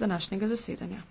današnjega zasedanja.